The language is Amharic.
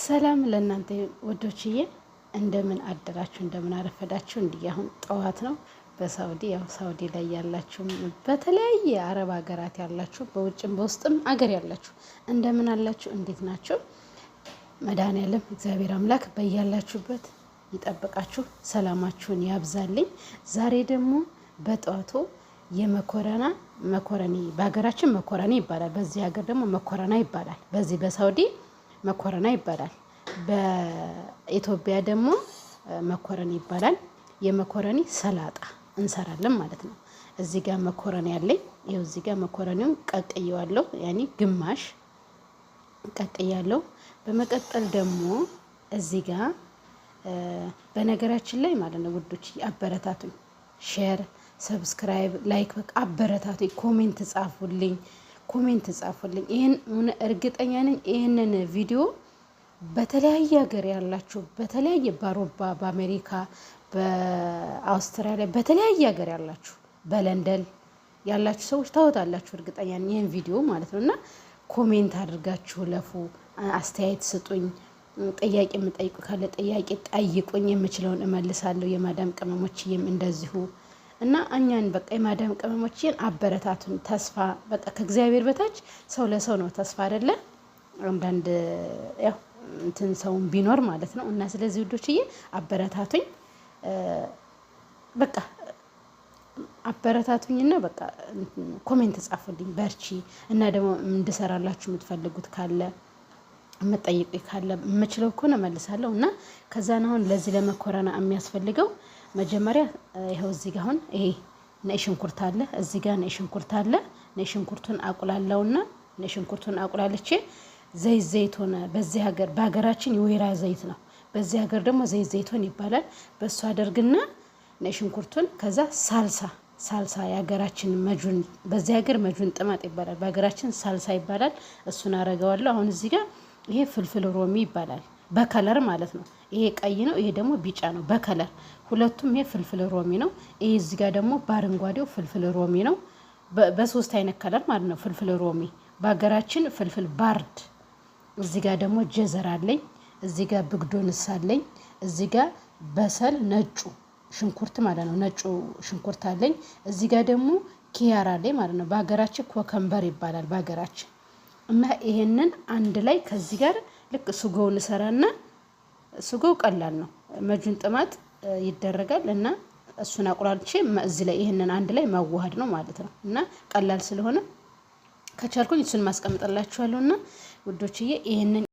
ሰላም ለእናንተ ወዶችዬ፣ እንደምን አደራችሁ፣ እንደምን አረፈዳችሁ። እንዲህ አሁን ጠዋት ነው በሳውዲ ያው ሳውዲ ላይ ያላችሁ በተለያየ አረብ ሀገራት ያላችሁ በውጭም በውስጥም አገር ያላችሁ እንደምን አላችሁ? እንዴት ናችሁ? መድኃኔዓለም እግዚአብሔር አምላክ በያላችሁበት ይጠብቃችሁ፣ ሰላማችሁን ያብዛልኝ። ዛሬ ደግሞ በጠዋቱ የመኮረና መኮረኒ በሀገራችን መኮረኒ ይባላል፣ በዚህ ሀገር ደግሞ መኮረና ይባላል። በዚህ በሳውዲ መኮረና ይባላል። በኢትዮጵያ ደግሞ መኮረኒ ይባላል። የመኮረኒ ሰላጣ እንሰራለን ማለት ነው። እዚህ ጋር መኮረኒ ያለኝ ይኸው፣ እዚህ ጋር መኮረኒውን ቀቅየዋለሁ፣ ያኔ ግማሽ ቀቅያለሁ። በመቀጠል ደግሞ እዚህ ጋር በነገራችን ላይ ማለት ነው ውዶች፣ አበረታቱኝ፣ ሼር፣ ሰብስክራይብ፣ ላይክ፣ በቃ አበረታቱኝ፣ ኮሜንት ጻፉልኝ። ኮሜንት ጻፉልኝ። ይህን እርግጠኛ ነኝ ይህንን ቪዲዮ በተለያየ ሀገር ያላችሁ በተለያየ በአውሮፓ፣ በአሜሪካ፣ በአውስትራሊያ በተለያየ ሀገር ያላችሁ በለንደን ያላችሁ ሰዎች ታወታላችሁ እርግጠኛ ነኝ ይህን ቪዲዮ ማለት ነው እና ኮሜንት አድርጋችሁ ለፉ፣ አስተያየት ስጡኝ። ጥያቄ የምጠይቁ ካለ ጥያቄ ጠይቁኝ፣ የምችለውን እመልሳለሁ። የማዳም ቅመሞችዬም እንደዚሁ እና እኛን በቃ የማዳም ቅመሞችን አበረታቱን። ተስፋ በቃ ከእግዚአብሔር በታች ሰው ለሰው ነው ተስፋ አይደለ? አንዳንድ ያው እንትን ሰውን ቢኖር ማለት ነው። እና ስለዚህ ውዶችዬ አበረታቱኝ፣ በቃ አበረታቱኝና በቃ ኮሜንት ጻፉልኝ፣ በርቺ እና ደግሞ እንድሰራላችሁ የምትፈልጉት ካለ የምጠይቁ ካለ የምችለው ከሆነ መልሳለሁ። እና ከዛን አሁን ለዚህ ለመኮረና የሚያስፈልገው መጀመሪያ ይኸው እዚህ ጋር አሁን ይሄ ነጭ ሽንኩርት አለ እዚህ ጋ ነጭ ሽንኩርት አለ። ነጭ ሽንኩርቱን አቁላለውና ነጭ ሽንኩርቱን አቁላልቼ ዘይት ዘይቶን በዚህ ሀገር በሀገራችን የወይራ ዘይት ነው። በዚህ ሀገር ደግሞ ዘይት ዘይቶን ይባላል። በእሱ አደርግና ነጭ ሽንኩርቱን ከዛ ሳልሳ ሳልሳ የሀገራችን መጁን በዚህ ሀገር መጁን ጥማጥ ይባላል። በሀገራችን ሳልሳ ይባላል። እሱን አረገዋለሁ። አሁን እዚህ ጋር ይሄ ፍልፍል ሮሚ ይባላል። በከለር ማለት ነው። ይሄ ቀይ ነው፣ ይሄ ደግሞ ቢጫ ነው በከለር ሁለቱም። ይሄ ፍልፍል ሮሚ ነው። ይሄ እዚህ ጋር ደግሞ በአረንጓዴው ፍልፍል ሮሚ ነው። በሶስት አይነት ከለር ማለት ነው ፍልፍል ሮሚ። በሀገራችን ፍልፍል ባርድ። እዚህ ጋር ደግሞ ጀዘር አለኝ፣ እዚህ ጋር ብግዶንስ አለኝ፣ እዚህ ጋር በሰል ነጩ ሽንኩርት ማለት ነው። ነጩ ሽንኩርት አለኝ። እዚህ ጋር ደግሞ ኪያራ አለኝ ማለት ነው። በሀገራችን ኮከምበር ይባላል በሀገራችን እና ይሄንን አንድ ላይ ከዚህ ጋር ልክ ሱጎውን እሰራና ሱጎው ቀላል ነው። መጁን ጥማት ይደረጋል እና እሱን አቁላልቼ እዚህ ላይ ይህንን አንድ ላይ ማዋሃድ ነው ማለት ነው እና ቀላል ስለሆነ ከቻልኩኝ እሱን ማስቀምጠላችኋለሁ እና ውዶችዬ ይህንን